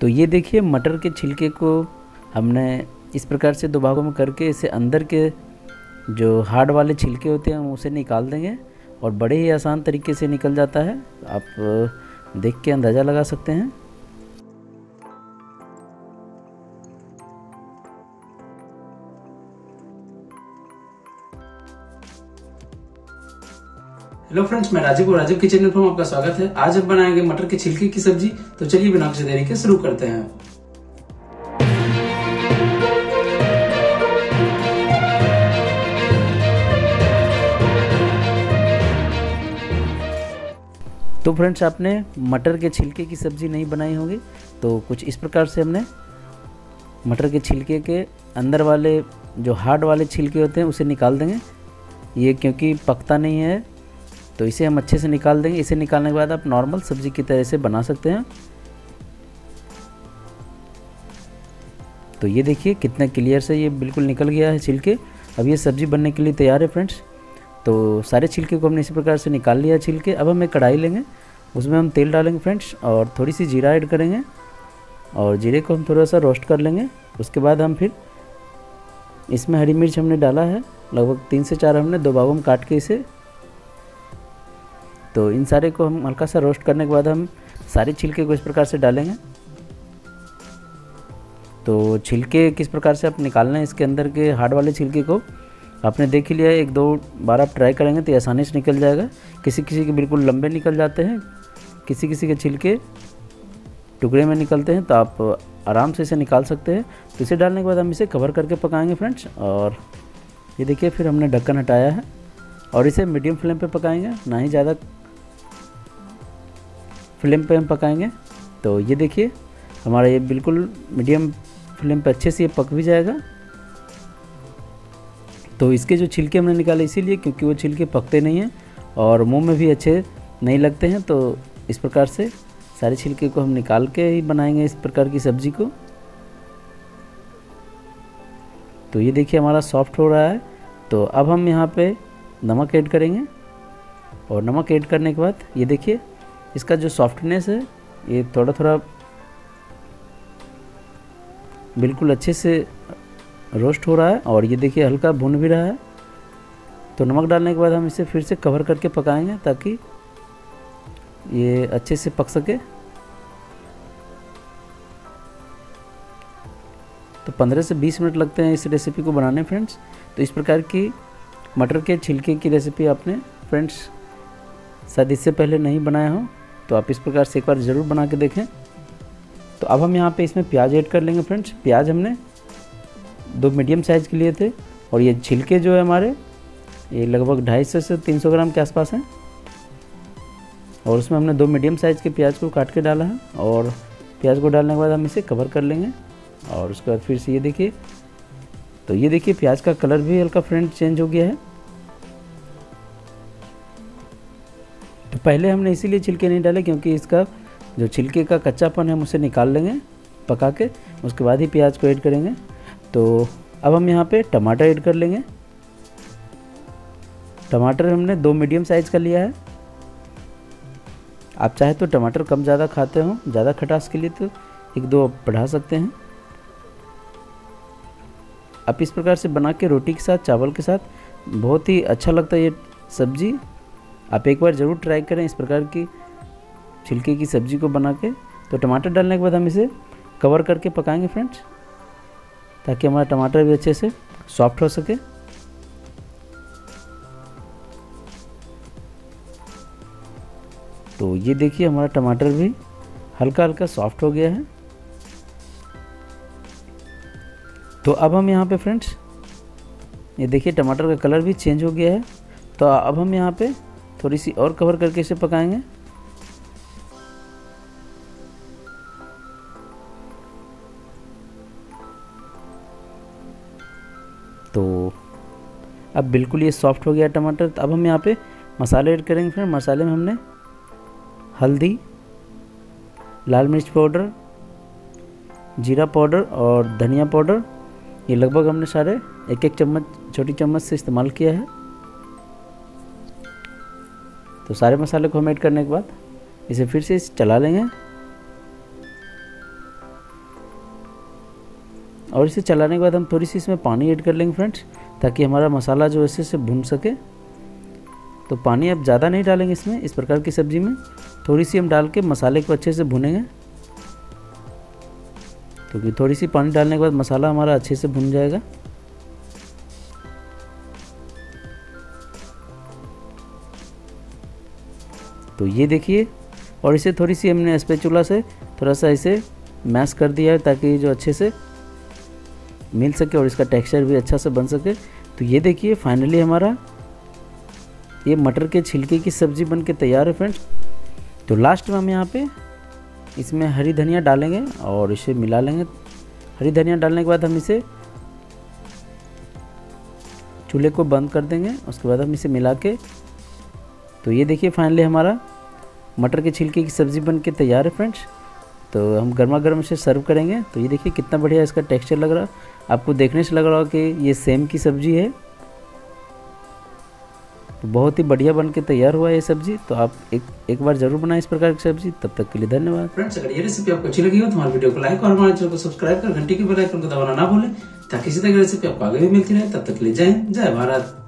तो ये देखिए मटर के छिलके को हमने इस प्रकार से दो भागों में करके इसे अंदर के जो हार्ड वाले छिलके होते हैं हम उसे निकाल देंगे और बड़े ही आसान तरीके से निकल जाता है आप देख के अंदाज़ा लगा सकते हैं हेलो फ्रेंड्स मैं राजीव और राजीव किचन में आपका स्वागत है आज हम बनाएंगे मटर के छिलके की सब्जी तो चलिए बिना कुछ देरी के शुरू करते हैं तो फ्रेंड्स आपने मटर के छिलके की सब्जी नहीं बनाई होगी तो कुछ इस प्रकार से हमने मटर के छिलके के अंदर वाले जो हार्ड वाले छिलके होते हैं उसे निकाल देंगे ये क्योंकि पकता नहीं है तो इसे हम अच्छे से निकाल देंगे इसे निकालने के बाद आप नॉर्मल सब्जी की तरह से बना सकते हैं तो ये देखिए कितना क्लियर से ये बिल्कुल निकल गया है छिलके अब ये सब्ज़ी बनने के लिए तैयार है फ्रेंड्स तो सारे छिलके को हमने इसी प्रकार से निकाल लिया छिलके अब हम एक कढ़ाई लेंगे उसमें हम तेल डालेंगे फ्रेंड्स और थोड़ी सी जीरा ऐड करेंगे और जीरे को हम थोड़ा सा रोस्ट कर लेंगे उसके बाद हम फिर इसमें हरी मिर्च हमने डाला है लगभग तीन से चार हमने दो बाबू में काट के इसे तो इन सारे को हम हल्का सा रोस्ट करने के बाद हम सारे छिलके को इस प्रकार से डालेंगे तो छिलके किस प्रकार से आप निकालना है इसके अंदर के हार्ड वाले छिलके को आपने देख ही लिया एक दो बार आप ट्राई करेंगे तो आसानी से निकल जाएगा किसी किसी के बिल्कुल लंबे निकल जाते हैं किसी किसी के छिलके टुकड़े में निकलते हैं तो आप आराम से इसे निकाल सकते हैं तो इसे डालने के बाद हम इसे कवर करके पकाएंगे फ्रेंड्स और ये देखिए फिर हमने ढक्कन हटाया है और इसे मीडियम फ्लेम पे पकाएंगे ना ही ज़्यादा फ्लेम पे हम पकाएंगे तो ये देखिए हमारा ये बिल्कुल मीडियम फ्लेम पे अच्छे से ये पक भी जाएगा तो इसके जो छिलके हमने निकाले इसीलिए क्योंकि वो छिलके पकते नहीं हैं और मुंह में भी अच्छे नहीं लगते हैं तो इस प्रकार से सारे छिलके को हम निकाल के ही बनाएंगे इस प्रकार की सब्ज़ी को तो ये देखिए हमारा सॉफ्ट हो रहा है तो अब हम यहाँ पे नमक ऐड करेंगे और नमक ऐड करने के बाद ये देखिए इसका जो सॉफ्टनेस है ये थोड़ा थोड़ा बिल्कुल अच्छे से रोस्ट हो रहा है और ये देखिए हल्का भुन भी रहा है तो नमक डालने के बाद हम इसे फिर से कवर करके पकाएंगे ताकि ये अच्छे से पक सके तो 15 से 20 मिनट लगते हैं इस रेसिपी को बनाने फ्रेंड्स तो इस प्रकार की मटर के छिलके की रेसिपी आपने फ्रेंड्स शायद इससे पहले नहीं बनाया हो तो आप इस प्रकार से एक बार ज़रूर बना के देखें तो अब हम यहाँ पे इसमें प्याज ऐड कर लेंगे फ्रेंड्स प्याज हमने दो मीडियम साइज़ के लिए थे और ये छिलके जो है हमारे ये लगभग ढाई सौ से तीन सौ ग्राम के आसपास हैं और उसमें हमने दो मीडियम साइज़ के प्याज को काट के डाला है और प्याज को डालने के बाद हम इसे कवर कर लेंगे और उसके बाद फिर से ये देखिए तो ये देखिए प्याज का कलर भी हल्का फ्रेंड चेंज हो गया है पहले हमने इसीलिए छिलके नहीं डाले क्योंकि इसका जो छिलके का कच्चापन है हम उसे निकाल लेंगे पका के उसके बाद ही प्याज को ऐड करेंगे तो अब हम यहाँ पे टमाटर ऐड कर लेंगे टमाटर हमने दो मीडियम साइज़ का लिया है आप चाहे तो टमाटर कम ज़्यादा खाते हो ज़्यादा खटास के लिए तो एक दो बढ़ा सकते हैं आप इस प्रकार से बना के रोटी के साथ चावल के साथ बहुत ही अच्छा लगता है ये सब्ज़ी आप एक बार ज़रूर ट्राई करें इस प्रकार की छिलके की सब्ज़ी को बना के तो टमाटर डालने के बाद हम इसे कवर करके पकाएंगे फ्रेंड्स ताकि हमारा टमाटर भी अच्छे से सॉफ्ट हो सके तो ये देखिए हमारा टमाटर भी हल्का हल्का सॉफ्ट हो गया है तो अब हम यहाँ पे फ्रेंड्स ये देखिए टमाटर का कलर भी चेंज हो गया है तो अब हम यहाँ पे थोड़ी सी और कवर करके इसे पकाएंगे तो अब बिल्कुल ये सॉफ्ट हो गया टमाटर तो अब हम यहाँ पे मसाले ऐड करेंगे फिर मसाले में हमने हल्दी लाल मिर्च पाउडर जीरा पाउडर और धनिया पाउडर ये लगभग हमने सारे एक एक चम्मच छोटी चम्मच से इस्तेमाल किया है तो सारे मसाले को हम ऐड करने के बाद इसे फिर से चला लेंगे और इसे चलाने के बाद हम थोड़ी सी इसमें पानी ऐड कर लेंगे फ्रेंड्स ताकि हमारा मसाला जो ऐसे से भून सके तो पानी अब ज़्यादा नहीं डालेंगे इसमें इस प्रकार की सब्ज़ी में थोड़ी सी हम डाल के मसाले को अच्छे से भुनेंगे क्योंकि तो थोड़ी सी पानी डालने के बाद मसाला हमारा अच्छे से भुन जाएगा तो ये देखिए और इसे थोड़ी सी हमने स्पेचुला से थोड़ा सा इसे मैश कर दिया है ताकि जो अच्छे से मिल सके और इसका टेक्सचर भी अच्छा से बन सके तो ये देखिए फाइनली हमारा ये मटर के छिलके की सब्ज़ी बन के तैयार है फ्रेंड्स तो लास्ट में हम यहाँ पे इसमें हरी धनिया डालेंगे और इसे मिला लेंगे हरी धनिया डालने के बाद हम इसे चूल्हे को बंद कर देंगे उसके बाद हम इसे मिला के तो ये देखिए फाइनली हमारा मटर के छिलके की सब्ज़ी बन के तैयार है फ्रेंड्स तो हम गर्मा गर्म से सर्व करेंगे तो ये देखिए कितना बढ़िया इसका टेक्सचर लग रहा आपको देखने से लग रहा हो कि ये सेम की सब्ज़ी है तो बहुत ही बढ़िया बन के तैयार हुआ है ये सब्जी तो आप एक एक बार जरूर बनाएं इस प्रकार की सब्जी तब तक के लिए धन्यवाद फ्रेंड्स अगर ये रेसिपी आपको अच्छी लगी हो तो हमारे वीडियो को लाइक और हमारे चैनल को सब्सक्राइब कर घंटी के बेल आइकन को दबाना ना भूलें ताकि इसी तरह की रेसिपी आपको आगे भी मिलती रहे तब तक के लिए जय जय भारत